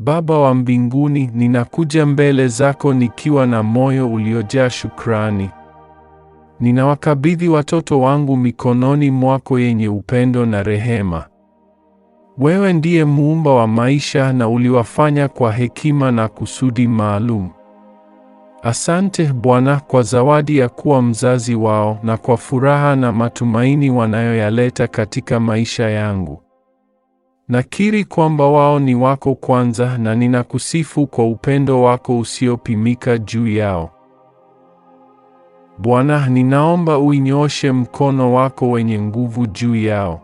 Baba wa mbinguni, ninakuja mbele zako nikiwa na moyo uliojaa shukrani. Ninawakabidhi watoto wangu mikononi mwako yenye upendo na rehema. Wewe ndiye muumba wa maisha na uliwafanya kwa hekima na kusudi maalum. Asante Bwana kwa zawadi ya kuwa mzazi wao na kwa furaha na matumaini wanayoyaleta katika maisha yangu. Nakiri kwamba wao ni wako kwanza na ninakusifu kwa upendo wako usiopimika juu yao. Bwana, ninaomba uinyoshe mkono wako wenye nguvu juu yao.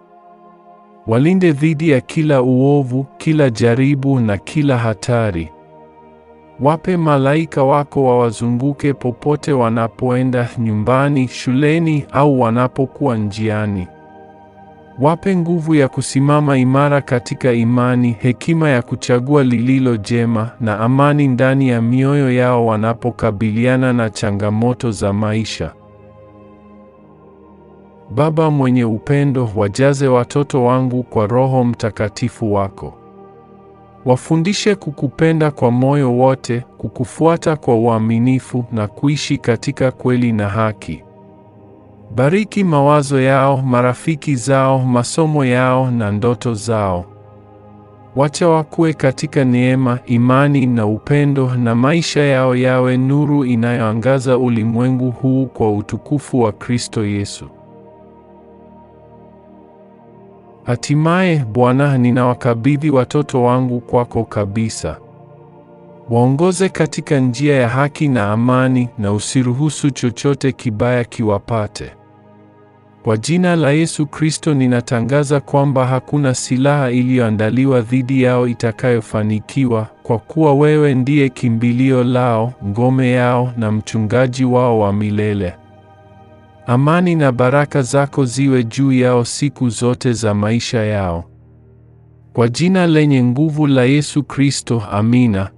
Walinde dhidi ya kila uovu, kila jaribu na kila hatari. Wape malaika wako wawazunguke popote wanapoenda, nyumbani, shuleni au wanapokuwa njiani. Wape nguvu ya kusimama imara katika imani, hekima ya kuchagua lililo jema, na amani ndani ya mioyo yao wanapokabiliana na changamoto za maisha. Baba mwenye upendo, wajaze watoto wangu kwa Roho Mtakatifu wako. Wafundishe kukupenda kwa moyo wote, kukufuata kwa uaminifu na kuishi katika kweli na haki. Bariki mawazo yao, marafiki zao, masomo yao na ndoto zao. Wacha wakue katika neema, imani na upendo, na maisha yao yawe nuru inayoangaza ulimwengu huu kwa utukufu wa Kristo Yesu. Hatimaye, Bwana, ninawakabidhi watoto wangu kwako kabisa. Waongoze katika njia ya haki na amani, na usiruhusu chochote kibaya kiwapate. Kwa jina la Yesu Kristo ninatangaza kwamba hakuna silaha iliyoandaliwa dhidi yao itakayofanikiwa, kwa kuwa wewe ndiye kimbilio lao, ngome yao na mchungaji wao wa milele. Amani na baraka zako ziwe juu yao siku zote za maisha yao. Kwa jina lenye nguvu la Yesu Kristo, amina.